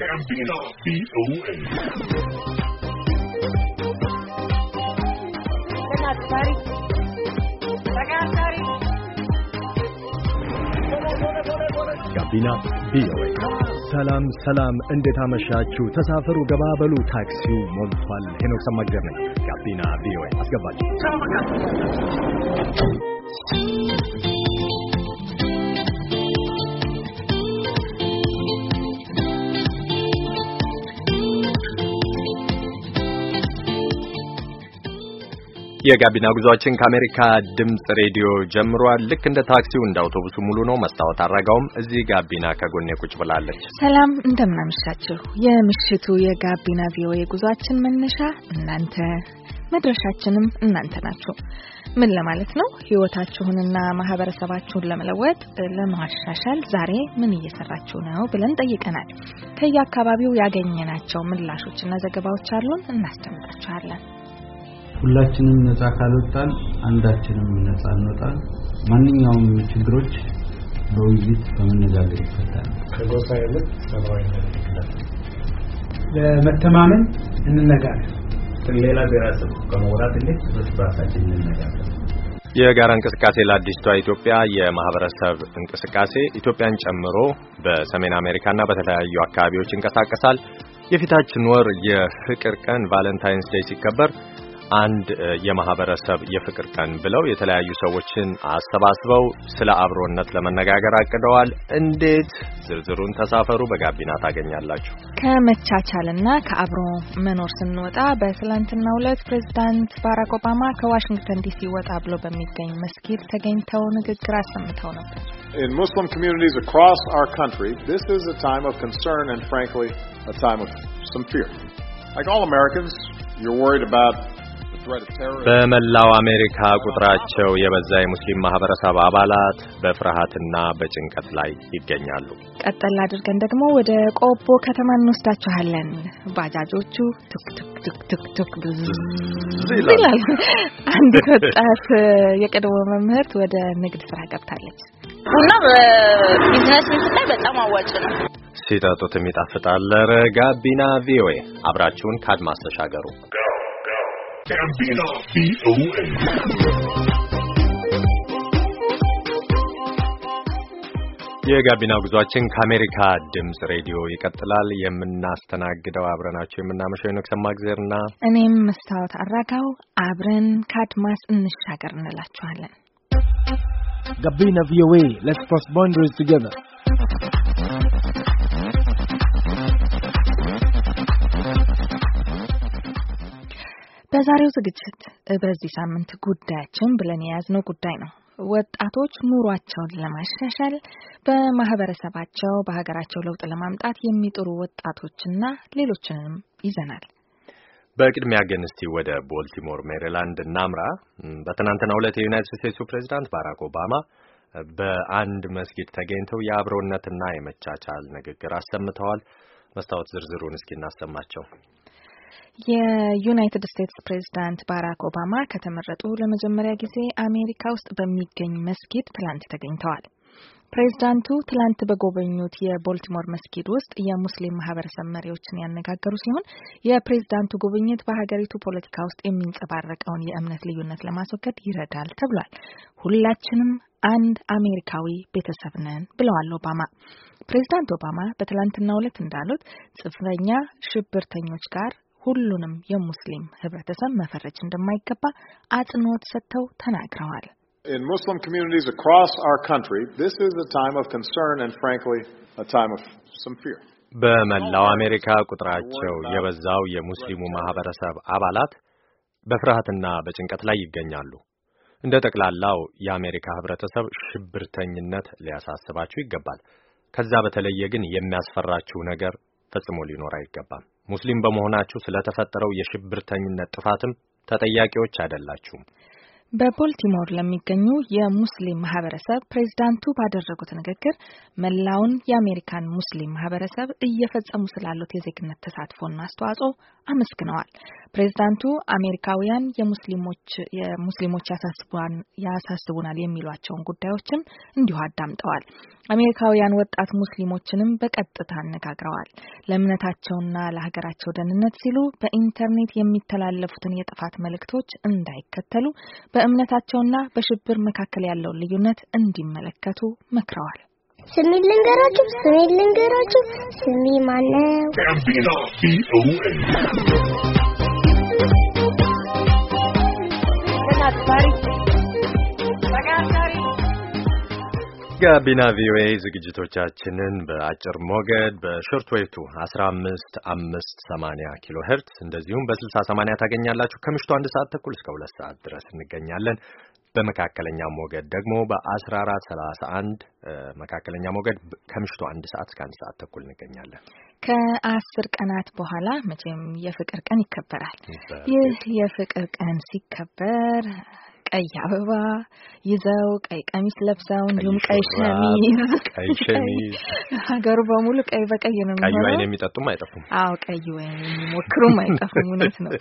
ጋቢና ቪኦኤ ጋቢና ቪኦኤ። ሰላም ሰላም፣ እንዴት አመሻችሁ? ተሳፈሩ፣ ገባበሉ፣ ታክሲው ሞልቷል። ሄኖክ ሰማግደር ነኝ። ጋቢና ቪኦኤ አስገባችሁ። የጋቢና ጉዟችን ከአሜሪካ ድምፅ ሬዲዮ ጀምሯል። ልክ እንደ ታክሲው እንደ አውቶቡሱ ሙሉ ነው። መስታወት አረጋውም እዚህ ጋቢና ከጎኔ ቁጭ ብላለች። ሰላም እንደምናመሻችሁ። የምሽቱ የጋቢና ቪኦኤ ጉዟችን መነሻ እናንተ መድረሻችንም እናንተ ናችሁ። ምን ለማለት ነው? ህይወታችሁንና ማህበረሰባችሁን ለመለወጥ ለማሻሻል ዛሬ ምን እየሰራችሁ ነው ብለን ጠይቀናል። ከየአካባቢው ያገኘናቸው ምላሾችና ዘገባዎች አሉን፣ እናስደምጣችኋለን። ሁላችንም ነፃ ካልወጣን አንዳችንም ነፃ እንወጣን። ማንኛውም ችግሮች በውይይት በመነጋገር ይፈታል። ከጎሳ ይልቅ ሰብአዊነት ይክላል። ለመተማመን እንነጋገር። ሌላ ብሔረሰብ ከመውራት እንዴት እርስ በራሳችን እንነጋገር። የጋራ እንቅስቃሴ ለአዲስቷ ኢትዮጵያ የማህበረሰብ እንቅስቃሴ ኢትዮጵያን ጨምሮ በሰሜን አሜሪካና በተለያዩ አካባቢዎች ይንቀሳቀሳል። የፊታችን ወር የፍቅር ቀን ቫለንታይንስ ዴይ ሲከበር አንድ የማህበረሰብ የፍቅር ቀን ብለው የተለያዩ ሰዎችን አሰባስበው ስለ አብሮነት ለመነጋገር አቅደዋል። እንዴት ዝርዝሩን ተሳፈሩ በጋቢና ታገኛላችሁ። ከመቻቻልና ከአብሮ መኖር ስንወጣ በትላንትናው ዕለት ፕሬዚዳንት ባራክ ኦባማ ከዋሽንግተን ዲሲ ወጣ ብሎ በሚገኝ መስጊድ ተገኝተው ንግግር አሰምተው ነበር። Like all Americans, you're worried about በመላው አሜሪካ ቁጥራቸው የበዛ የሙስሊም ማህበረሰብ አባላት በፍርሃትና በጭንቀት ላይ ይገኛሉ። ቀጠል አድርገን ደግሞ ወደ ቆቦ ከተማ እንወስዳችኋለን። ባጃጆቹ ቱክቱክቱክቱክ ይላል። አንድ ወጣት የቀድሞ መምህርት ወደ ንግድ ስራ ገብታለች። ቡና በቢዝነስ ላይ በጣም አዋጭ ነው። ሲጠጡትም ይጣፍጣል። ጋቢና ቪኦኤ አብራችሁን ከአድማስ ተሻገሩ። ጋቢና ቪኦኤ የጋቢና ጉዟችን ከአሜሪካ ድምጽ ሬዲዮ ይቀጥላል። የምናስተናግደው አብረናቸው የምናመሸው የኖክ ሰማግዜርና እኔም መስታወት አራጋው አብረን ከአድማስ እንሻገር እንላችኋለን። ጋቢና ቪኦኤ ሌትስ ክሮስ ቦንደሪስ ቱጌዘር በዛሬው ዝግጅት በዚህ ሳምንት ጉዳያችን ብለን የያዝነው ጉዳይ ነው። ወጣቶች ኑሯቸውን ለማሻሻል በማህበረሰባቸው፣ በሀገራቸው ለውጥ ለማምጣት የሚጥሩ ወጣቶችና ሌሎችንም ይዘናል። በቅድሚያ ግን እስቲ ወደ ቦልቲሞር ሜሪላንድ እናምራ። በትናንትናው ዕለት የዩናይትድ ስቴትሱ ፕሬዚዳንት ባራክ ኦባማ በአንድ መስጊድ ተገኝተው የአብሮነትና የመቻቻል ንግግር አሰምተዋል። መስታወት ዝርዝሩን እስኪ እናሰማቸው። የዩናይትድ ስቴትስ ፕሬዚዳንት ባራክ ኦባማ ከተመረጡ ለመጀመሪያ ጊዜ አሜሪካ ውስጥ በሚገኝ መስጊድ ትላንት ተገኝተዋል። ፕሬዚዳንቱ ትላንት በጎበኙት የቦልቲሞር መስጊድ ውስጥ የሙስሊም ማህበረሰብ መሪዎችን ያነጋገሩ ሲሆን የፕሬዚዳንቱ ጉብኝት በሀገሪቱ ፖለቲካ ውስጥ የሚንጸባረቀውን የእምነት ልዩነት ለማስወገድ ይረዳል ተብሏል። ሁላችንም አንድ አሜሪካዊ ቤተሰብ ነን ብለዋል ኦባማ። ፕሬዚዳንት ኦባማ በትላንትናው ዕለት እንዳሉት ጽንፈኛ ሽብርተኞች ጋር ሁሉንም የሙስሊም ህብረተሰብ መፈረጅ እንደማይገባ አጽንኦት ሰጥተው ተናግረዋል። In Muslim communities across our country, this is a time of concern and frankly a time of some fear. በመላው አሜሪካ ቁጥራቸው የበዛው የሙስሊሙ ማህበረሰብ አባላት በፍርሃትና በጭንቀት ላይ ይገኛሉ። እንደ ጠቅላላው የአሜሪካ ህብረተሰብ ሽብርተኝነት ሊያሳስባችሁ ይገባል። ከዛ በተለየ ግን የሚያስፈራችሁ ነገር ፈጽሞ ሊኖር አይገባም። ሙስሊም በመሆናችሁ ስለተፈጠረው የሽብርተኝነት ጥፋትም ተጠያቂዎች አይደላችሁም። በቦልቲሞር ለሚገኙ የሙስሊም ማህበረሰብ ፕሬዚዳንቱ ባደረጉት ንግግር መላውን የአሜሪካን ሙስሊም ማህበረሰብ እየፈጸሙ ስላሉት የዜግነት ተሳትፎና አስተዋጽኦ አመስግነዋል። ፕሬዚዳንቱ አሜሪካውያን የሙስሊሞች የሙስሊሞች ያሳስቡናል የሚሏቸውን ጉዳዮችም እንዲሁ አዳምጠዋል። አሜሪካውያን ወጣት ሙስሊሞችንም በቀጥታ አነጋግረዋል። ለእምነታቸውና ለሀገራቸው ደህንነት ሲሉ በኢንተርኔት የሚተላለፉትን የጥፋት መልእክቶች እንዳይከተሉ በእምነታቸውና በሽብር መካከል ያለውን ልዩነት እንዲመለከቱ መክረዋል። ስሜ ልንገራችሁ፣ ስሜ ልንገራችሁ፣ ስሜ ማነው? ጋቢና ቪኦኤ ዝግጅቶቻችንን በአጭር ሞገድ በሾርት ዌቭ ቱ 15 ኪሎ ሄርትስ እንደዚሁም በ60 80 ታገኛላችሁ። ከምሽቱ አንድ ሰዓት ተኩል እስከ ሁለት ሰዓት ድረስ እንገኛለን። በመካከለኛ ሞገድ ደግሞ በ1431 መካከለኛ ሞገድ ከምሽቱ አንድ ሰዓት እስከ አንድ ሰዓት ተኩል እንገኛለን። ከአስር ቀናት በኋላ መቼም የፍቅር ቀን ይከበራል። ይህ የፍቅር ቀን ሲከበር ቀይ አበባ ይዘው ቀይ ቀሚስ ለብሰው እንዲሁም ቀይ ሸሚዝ ቀይ ሸሚዝ ሀገሩ በሙሉ ቀይ በቀይ ነው። ቀይ ወይን የሚጠጡም አይጠፉም። አዎ ቀይ ወይን የሚሞክሩም አይጠፉም። እውነት ነው።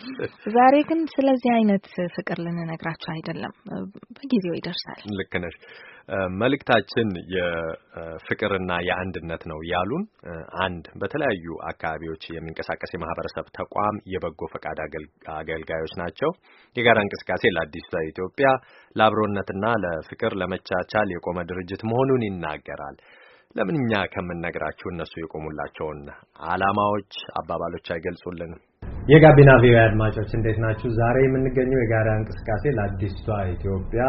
ዛሬ ግን ስለዚህ አይነት ፍቅር ልንነግራቸው አይደለም፣ በጊዜው ይደርሳል። ልክ ነሽ። መልእክታችን የፍቅርና የአንድነት ነው ያሉን አንድ በተለያዩ አካባቢዎች የሚንቀሳቀስ የማህበረሰብ ተቋም የበጎ ፈቃድ አገልጋዮች ናቸው። የጋራ እንቅስቃሴ ለአዲሷ ኢትዮጵያ ለአብሮነትና ለፍቅር ለመቻቻል የቆመ ድርጅት መሆኑን ይናገራል። ለምን እኛ ከምንነግራችሁ እነሱ የቆሙላቸውን አላማዎች አባባሎች አይገልጹልንም? የጋቢና ቪኦኤ አድማጮች እንዴት ናችሁ? ዛሬ የምንገኘው የጋራ እንቅስቃሴ ለአዲስቷ ኢትዮጵያ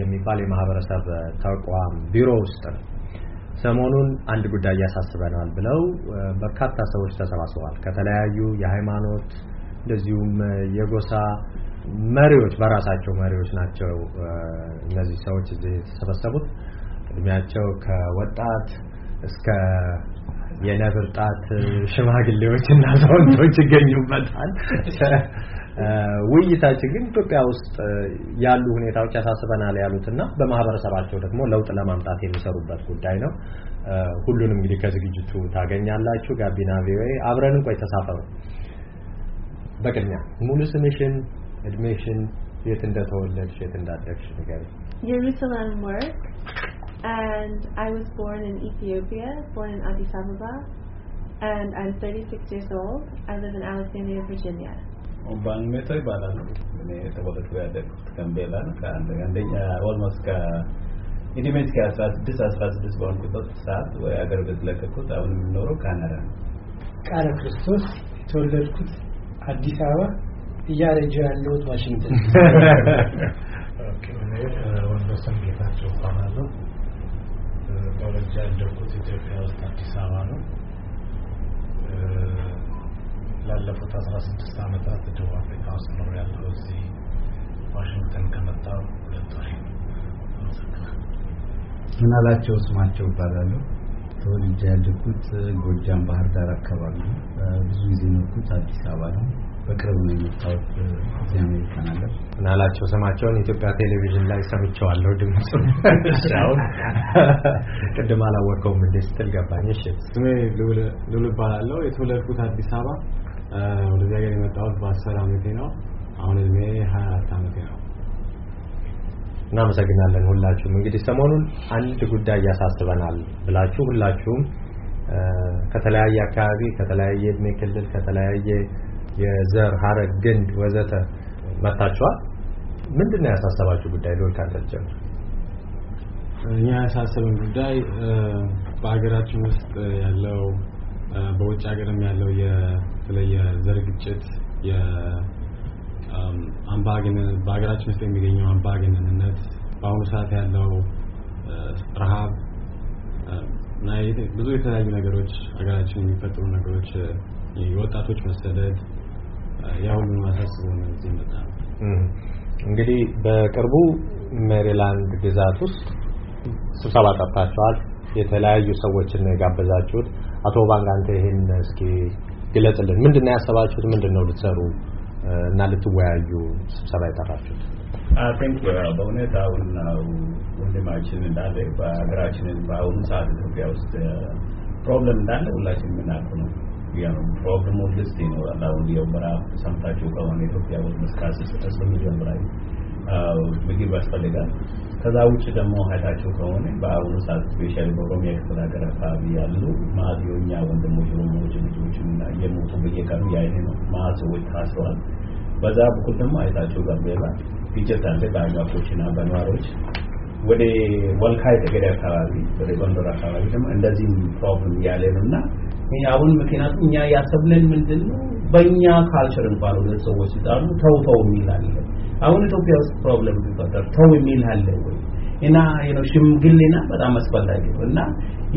የሚባል የማህበረሰብ ተቋም ቢሮ ውስጥ ነው። ሰሞኑን አንድ ጉዳይ ያሳስበናል ብለው በርካታ ሰዎች ተሰባስበዋል። ከተለያዩ የሃይማኖት እንደዚሁም የጎሳ መሪዎች በራሳቸው መሪዎች ናቸው እነዚህ ሰዎች እዚህ የተሰበሰቡት። እድሜያቸው ከወጣት እስከ ጣት ሽማግሌዎች እና አዛውንቶች ይገኙበታል። ውይይታችን ግን ኢትዮጵያ ውስጥ ያሉ ሁኔታዎች ያሳስበናል ያሉትና በማህበረሰባቸው ደግሞ ለውጥ ለማምጣት የሚሰሩበት ጉዳይ ነው። ሁሉንም እንግዲህ ከዝግጅቱ ታገኛላችሁ። ጋቢና ቪኦኤ አብረን ቆይ ተሳፈሩ። በቅድሚያ ሙሉ ስምሽን፣ እድሜሽን፣ የት እንደተወለድሽ፣ የት እንዳደግሽ ንገሪኝ። And I was born in Ethiopia, born in Addis Ababa, and I'm 36 years old. I live in Alexandria, Virginia. ኦባን ሜቶ ይባላል። እኔ የተወለድኩ ያደግኩት ጋምቤላ ነው። ከአንደኛ ኦልሞስት ከእድሜ እስከ 16 16 በሆንኩበት ሰዓት ወይ አገር ቤት ለቀኩት። አሁን የምኖረው ካናዳ ነው። ቃለ ክርስቶስ የተወለድኩት አዲስ አበባ እያረጀ ያለሁት ዋሽንግተን ኦኬ ወንደሰን ጌታቸው ኳና ተወልጄ ያደግኩት ኢትዮጵያ ውስጥ አዲስ አበባ ነው። ላለፉት አስራ ስድስት ዓመታት ደቡብ አፍሪካ ውስጥ ነው ያለው። እዚህ ዋሽንግተን ከመጣሁ ሁለት ወር። ምናላቸው ስማቸው እባላለሁ። ተወልጄ ያደግኩት ጎጃም ባህር ዳር አካባቢ ነው። ብዙ ጊዜ ኖርኩት አዲስ አበባ ነው። በቅርብ ነው የመጣሁት። እዚህ አሜሪካ ናለሁ ምናላቸው ስማቸውን ኢትዮጵያ ቴሌቪዥን ላይ ሰምቸዋለሁ። ድምፅ ሁን ቅድም አላወቀውም እንደ ስትል ገባኝ። እሺ ስሜ ልውል እባላለሁ። የተወለድኩት አዲስ አበባ፣ ወደዚህ ሀገር የመጣሁት በአስር አመቴ ነው። አሁን እድሜ ሀያ አራት አመቴ ነው። እናመሰግናለን ሁላችሁም። እንግዲህ ሰሞኑን አንድ ጉዳይ ያሳስበናል ብላችሁ ሁላችሁም ከተለያየ አካባቢ ከተለያየ እድሜ ክልል ከተለያየ የዘር ሀረግ፣ ግንድ ወዘተ መታችኋል። ምንድን ነው ያሳሰባችሁ ጉዳይ? ሎል ካንተ ጀምር። እኛ ያሳሰብን ጉዳይ በሀገራችን ውስጥ ያለው በውጭ ሀገርም ያለው የተለየ ዘር ግጭት በሀገራችን ውስጥ የሚገኘው አምባገነንነት በአሁኑ ሰዓት ያለው ረሃብ ብዙ የተለያዩ ነገሮች ሀገራችን የሚፈጥሩ ነገሮች የወጣቶች መሰደድ ያሁኑ አሳስቦ ነው እዚህ ነው። እንግዲህ በቅርቡ ሜሪላንድ ግዛት ውስጥ ስብሰባ ጠርታችኋል። የተለያዩ ሰዎችን ነው የጋበዛችሁት። አቶ ባንክ አንተ ይሄን እስኪ ግለጽልን። ምንድን ነው ያሰባችሁት? ምንድን ነው ልትሰሩ እና ልትወያዩ ስብሰባ የጠራችሁት? ቴንክ በእውነት አሁን ወንድማችን እንዳለ በሀገራችንን በአሁኑ ሰዓት ኢትዮጵያ ውስጥ ፕሮብለም እንዳለ ሁላችን የምናውቀው ነው ኢትዮጵያ ነው ፕሮግራም ኦፍ ዲስ ቲኖ አላው የወራ ሰምታችሁ ከሆነ ኢትዮጵያ ውስጥ መስካስ ተሰሙ ጀምራይ ምግብ ያስፈልጋል። ከዛ ውጭ ደግሞ ሀይታቸው ከሆነ በአሁኑ ሰዓት ስፔሻሊ በኦሮሚያ ክፍል ሀገር አካባቢ ያሉ ማዚዮኛ ወንድሞች ኦሮሞዎች ልጆች እና የሞቱ በየቀኑ ያይሄ ነው ማዞች ታስረዋል። በዛ በኩል ደግሞ አይታቸው ጋምቤላ ግጭት አለ በአጋፎች እና በነዋሪዎች ወደ ወልካይ ጠገዴ አካባቢ ወደ ጎንደር አካባቢ ደግሞ እንደዚህም ፕሮብለም ያለ ነው እና አሁን ምክንያቱም እኛ ያሰብለን ምንድን ነው በእኛ ካልቸር እንኳን ሁለት ሰዎች ሲጣሉ ተው ተው የሚል አለ። አሁን ኢትዮጵያ ውስጥ ፕሮብለም ቢፈጠር ተው የሚል አለ ወይ? እና ነው ሽምግልና በጣም አስፈላጊ ነው። እና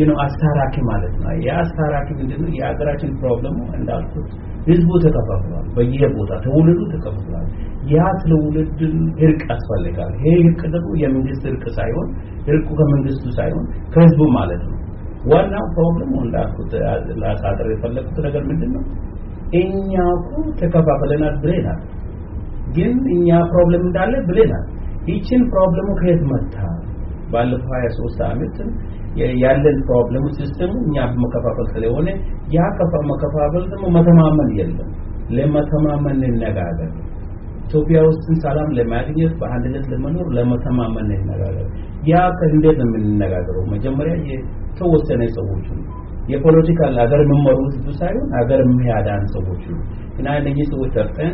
ነው አስታራኪ ማለት ነው። ያ አስታራኪ ምንድነው? የሀገራችን ፕሮብለሙ እንዳልኩት ህዝቡ ተከፋፍሏል። በየቦታ ትውልዱ ተከፋፍሏል። ያ ትውልድ እርቅ ያስፈልጋል። ይሄ እርቅ ደግሞ የመንግስት እርቅ ሳይሆን እርቁ ከመንግስቱ ሳይሆን ከህዝቡ ማለት ነው። ዋናው ፕሮብለም እንዳልኩት ላሳጥር የፈለኩት ነገር ምንድን ነው? እኛ እኮ ተከፋፍለናል ብለናል፣ ግን እኛ ፕሮብለም እንዳለ ብለናል። ይችን ፕሮብለሙ ከየት መጣ? ባለፈው 23 ዓመት ያለን ፕሮብለሙ ሲስተሙ እኛ መከፋፈል ስለሆነ ያ መከፋፈል ደግሞ መተማመን የለም። ለመተማመን እንነጋገር። ኢትዮጵያ ውስጥን ሰላም ለማግኘት በአንድነት ለመኖር ለመተማመን እንነጋገር። ያ ከእንዴት ነው የምንነጋገረው? መጀመሪያ ተወሰነ ሰዎች ነው የፖለቲካል ሀገር የምመሩ ህዝብ ሳይሆን ሀገር የሚያዳን ሰዎች ነው እና እነዚህ ሰዎች ጠርተን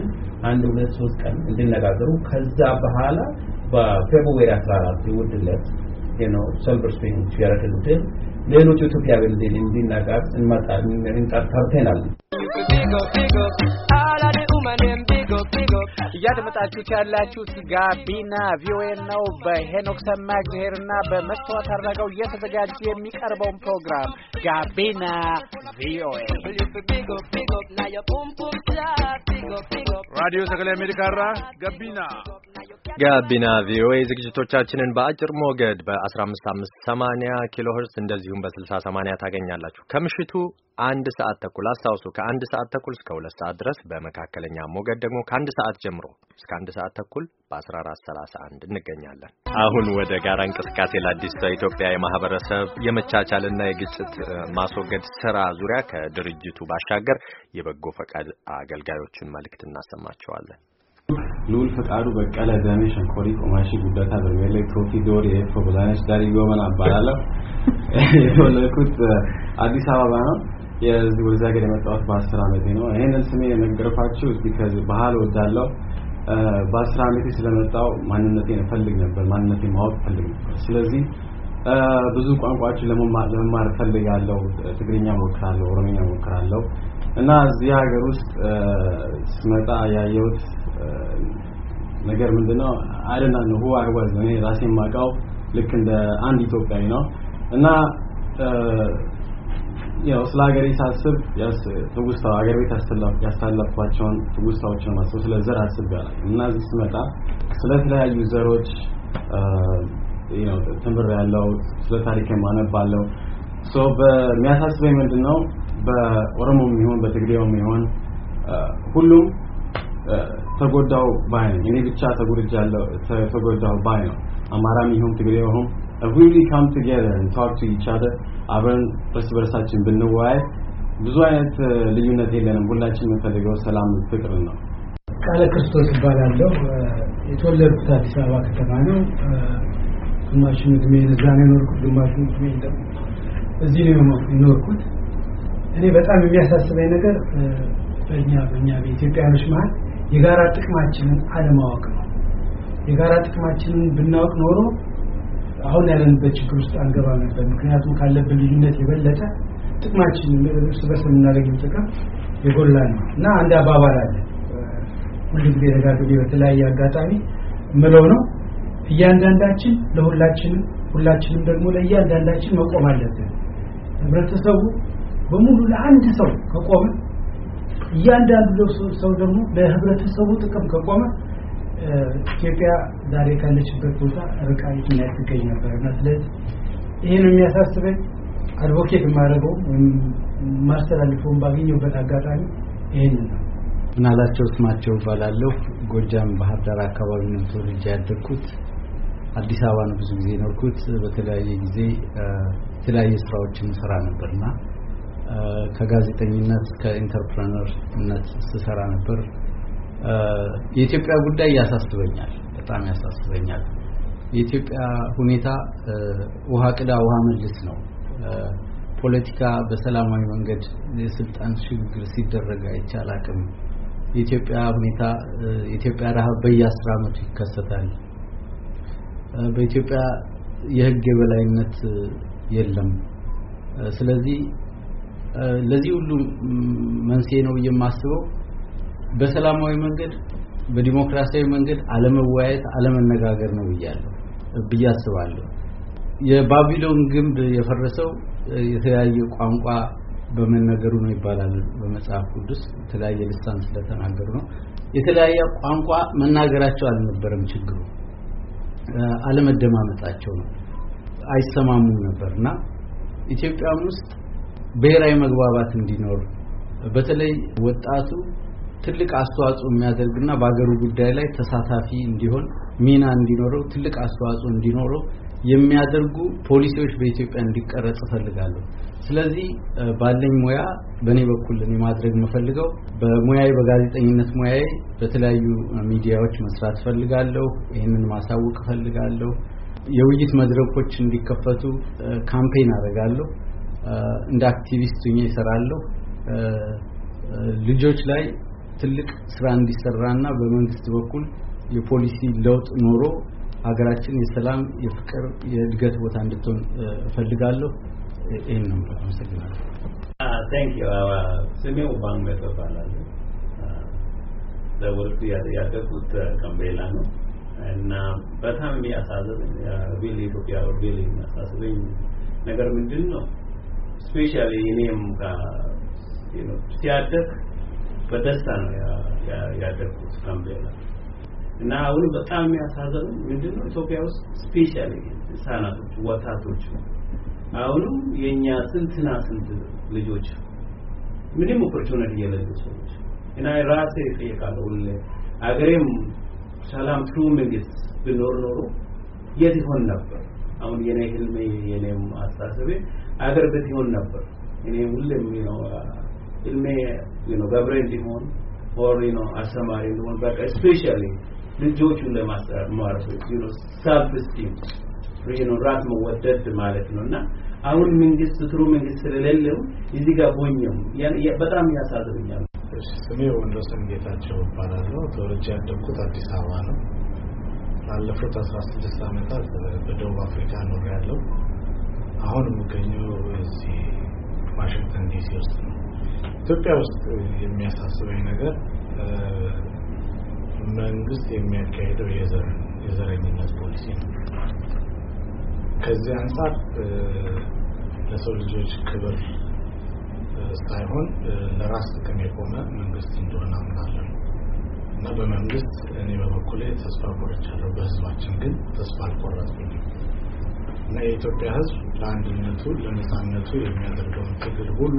አንድ ሁለት ሶስት ቀን እንድነጋገሩ ከዛ በኋላ በፌብሩዋሪ 14 ይውድለት የነው ሰልብርስቲን ሲያረክሉትን ሌሎች ኢትዮጵያውያን ዜን እንዲናጋር እንመጣ እንጠርተናል እያደመጣችሁት ያላችሁት ጋቢና ቪኦኤ ነው። በሄኖክ ሰማእግዚአብሔርና በመስተዋት አድረገው እየተዘጋጀ የሚቀርበውን ፕሮግራም ጋቢና ቪኦኤ ራዲዮ ሰከላ አሜሪካ ራ ጋቢና ጋቢና ቪኦኤ ዝግጅቶቻችንን በአጭር ሞገድ በ1580 ኪሎ ሄርትስ እንደዚሁም በ6080 ታገኛላችሁ። ከምሽቱ አንድ ሰዓት ተኩል አስታውሱ፣ ከአንድ ሰዓት ተኩል እስከ ሁለት ሰዓት ድረስ በመካከለኛ ሞገድ ደግሞ ከአንድ ሰዓት ጀምሮ ጀምሮ እስከ አንድ ሰዓት ተኩል በ1431 እንገኛለን። አሁን ወደ ጋራ እንቅስቃሴ ለአዲስ ኢትዮጵያ የማህበረሰብ የመቻቻልና የግጭት ማስወገድ ስራ ዙሪያ ከድርጅቱ ባሻገር የበጎ ፈቃድ አገልጋዮችን መልእክት እናሰማቸዋለን። ልዑል ፈቃዱ በቀለ ዘሜ ሸንኮሪ ቆማሺ ጉዳታ በርሜሌ ቶፊ ዶር የኤፎ ቦላነች ዳሪ ጎመን አባላለሁ። የተወለድኩት አዲስ አበባ ነው። የዚህ ወደዚህ ሀገር የመጣሁት በአስር አመቴ ነው። ይህንን ስሜ የነገርኳችሁ እዚህ ከዚህ ባህል ወዳለው በአስራ ዓመቴ ስለመጣው ማንነቴን እፈልግ ነበር፣ ማንነቴን ማወቅ እፈልግ ነበር። ስለዚህ ብዙ ቋንቋዎችን ለመማር እፈልጋለሁ። ትግርኛ ሞክራለሁ፣ ኦሮምኛ ሞክራለሁ እና እዚህ ሀገር ውስጥ ስመጣ ያየሁት ነገር ምንድነው አይደና ነው አይዋዝ እኔ ራሴን ልክ እንደ አንድ ኢትዮጵያዊ ነው እና ያው ስለ ሀገሬ ሳስብ ያስ ትውስታ ሀገር ቤት ያስታለፍኳቸውን ነው ማለት ስለ ዘር አስብ ያለ እና እዚህ ስመጣ ስለ ተለያዩ ዘሮች ያው ትምህር ያለው ስለ ታሪክ የማነባለው በሚያሳስበኝ ምንድን ነው በኦሮሞም ይሁን በትግሬውም ይሁን ሁሉም ተጎዳው ባይ ነው እኔ ብቻ ተጎድጃለሁ ተጎዳው ባይ ነው አማራም ይሁን ትግሬውም Uh, really come together and talk to each other አብረን እርስ በርሳችን ብንወያይ ብዙ አይነት uh, ልዩነት የለንም። ሁላችን የምንፈልገው ሰላም ፍቅር ነው። ቃለ ክርስቶስ እባላለሁ። uh, የተወለድኩት አዲስ አበባ ከተማ ነው። ግማሹን እድሜ እዛ ነው የኖርኩት፣ ግማሹን እድሜ ደግሞ እዚህ ነው የኖርኩት። እኔ በጣም የሚያሳስበኝ ነገር በእኛ በእኛ በኢትዮጵያኖች መሀል የጋራ ጥቅማችንን አለማወቅ ነው። የጋራ ጥቅማችንን ብናውቅ ኖሮ አሁን ያለንበት ችግር ውስጥ አንገባ ነበር። ምክንያቱም ካለብን ልዩነት የበለጠ ጥቅማችን እርስ በርስ የምናገኘው ጥቅም የጎላ ነው እና አንድ አባባል አለ ጊዜ ደጋግሜ በተለያየ አጋጣሚ ምለው ነው እያንዳንዳችን ለሁላችንም ሁላችንም ደግሞ ለእያንዳንዳችን መቆም አለብን። ህብረተሰቡ በሙሉ ለአንድ ሰው ከቆመ እያንዳንዱ ሰው ደግሞ ለህብረተሰቡ ጥቅም ከቆመ ኢትዮጵያ ዛሬ ካለችበት ቦታ ርቃ ምክንያት ትገኝ ነበር እና ስለዚህ ይህን የሚያሳስበኝ አድቮኬት የማደርገው ወይም ማስተላልፈውን ባገኘሁበት አጋጣሚ ይህን ነው። ምናላቸው ስማቸው እባላለሁ። ጎጃም ባህር ዳር አካባቢ ነው ተወልጄ ያደግኩት። አዲስ አበባ ነው ብዙ ጊዜ ኖርኩት። በተለያየ ጊዜ የተለያየ ስራዎችን ሰራ ነበርና ከጋዜጠኝነት ከኢንተርፕረነርነት ስሰራ ነበር። የኢትዮጵያ ጉዳይ ያሳስበኛል፣ በጣም ያሳስበኛል። የኢትዮጵያ ሁኔታ ውሃ ቅዳ ውሃ መልስ ነው። ፖለቲካ በሰላማዊ መንገድ የስልጣን ሽግግር ሲደረግ አይቻል አቅም የኢትዮጵያ ሁኔታ የኢትዮጵያ ረሃብ በየአስር ዓመቱ ይከሰታል። በኢትዮጵያ የህግ የበላይነት የለም። ስለዚህ ለዚህ ሁሉ መንስኤ ነው የማስበው በሰላማዊ መንገድ በዲሞክራሲያዊ መንገድ አለመወያየት አለመነጋገር ነው ብያለሁ ብዬ አስባለሁ። የባቢሎን ግንብ የፈረሰው የተለያየ ቋንቋ በመነገሩ ነው ይባላል በመጽሐፍ ቅዱስ። የተለያየ ልሳን ስለተናገሩ ነው። የተለያየ ቋንቋ መናገራቸው አልነበረም ችግሩ፣ አለመደማመጣቸው ነው። አይሰማሙም ነበርና ኢትዮጵያም ውስጥ ብሔራዊ መግባባት እንዲኖር በተለይ ወጣቱ ትልቅ አስተዋጽኦ የሚያደርግና በአገሩ ጉዳይ ላይ ተሳታፊ እንዲሆን ሚና እንዲኖረው ትልቅ አስተዋጽኦ እንዲኖረው የሚያደርጉ ፖሊሲዎች በኢትዮጵያ እንዲቀረጽ እፈልጋለሁ። ስለዚህ ባለኝ ሙያ በእኔ በኩል እኔ ማድረግ የምፈልገው በሙያዬ በጋዜጠኝነት ሙያዬ በተለያዩ ሚዲያዎች መስራት እፈልጋለሁ። ይህንን ማሳወቅ እፈልጋለሁ። የውይይት መድረኮች እንዲከፈቱ ካምፔን አደርጋለሁ። እንደ አክቲቪስት ይሰራለሁ እሰራለሁ። ልጆች ላይ ትልቅ ስራ እንዲሰራና በመንግስት በኩል የፖሊሲ ለውጥ ኖሮ ሀገራችን የሰላም፣ የፍቅር፣ የእድገት ቦታ እንድትሆን እፈልጋለሁ። ይህን ነው አመሰግናለሁ። uh, uh, ስሜው ባንበት ባላለ በወቅቱ ያደጉት ጋምቤላ ነው እና በጣም የሚያሳዝን ቢል ኢትዮጵያ ቢል የሚያሳዝበኝ ነገር ምንድን ነው? ስፔሻሊ እኔም ሲያደግ በደስታ ነው ያደርጉት ካምቤላ እና አሁን በጣም የሚያሳዘኑ ምንድነው ኢትዮጵያ ውስጥ ስፔሻሊ ህጻናቶች ወጣቶች አሁንም የእኛ ስንትና ስንት ልጆች ምንም ኦፖርቹኒቲ የሌሉ ሰዎች እና ራሴ እጠይቃለሁ ሁሌ አገሬም ሰላም ትሩ መንግስት ብኖር ኖሮ የት ይሆን ነበር? አሁን የኔ ህልሜ የኔም አስተሳሰቤ አገር ቤት ይሆን ነበር። እኔ ሁሌም ነው ህልሜ ዩ ኖ ገብሬ እንዲሆን ሆሪ ነው አስተማሪ እንዲሆን በቃ ስፔሻሊ ልጆቹን ለማስተማር ሰልፍ ስቲም ነው ራስ መወደድ ማለት ነውና አሁን መንግስት ትሩ መንግስት ስለሌለው እዚህ ጋር ቦኘው በጣም ያሳዝኛል። ስሜ ወንዶሰን ጌታቸው እባላለሁ። ተወልጄ ያደግኩት አዲስ አበባ ነው። ላለፉት 16 ዓመታት በደቡብ አፍሪካ ኖር ያለው አሁን የምገኘው እዚህ ዋሽንግተን ዲሲ ውስጥ ነው። ኢትዮጵያ ውስጥ የሚያሳስበኝ ነገር መንግስት የሚያካሄደው የዘረኝነት ፖሊሲ ነው። ከዚህ አንጻር ለሰው ልጆች ክብር ሳይሆን ለራስ ጥቅም የቆመ መንግስት እንደሆነ አምናለሁ እና በመንግስት እኔ በበኩሌ ተስፋ ቆርጫለሁ። በህዝባችን ግን ተስፋ አልቆረጥኩኝም እና የኢትዮጵያ ህዝብ ለአንድነቱ፣ ለነፃነቱ የሚያደርገውን ትግል ሁሉ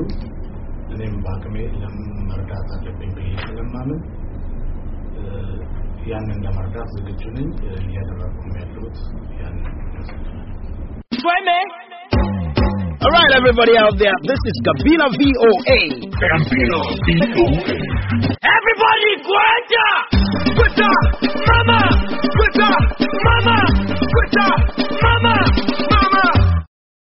እኔም በአቅሜ ለመርዳት አለብኝ ብዬ ስለማምን ያንን ለመርዳት ዝግጁ ነኝ። እያደረጉ ያለሁት ያንን All right, everybody out there, this is Kabila VOA. Kabila VOA. Everybody, Gwanja! Gwanja! Mama! Gwanja! Mama!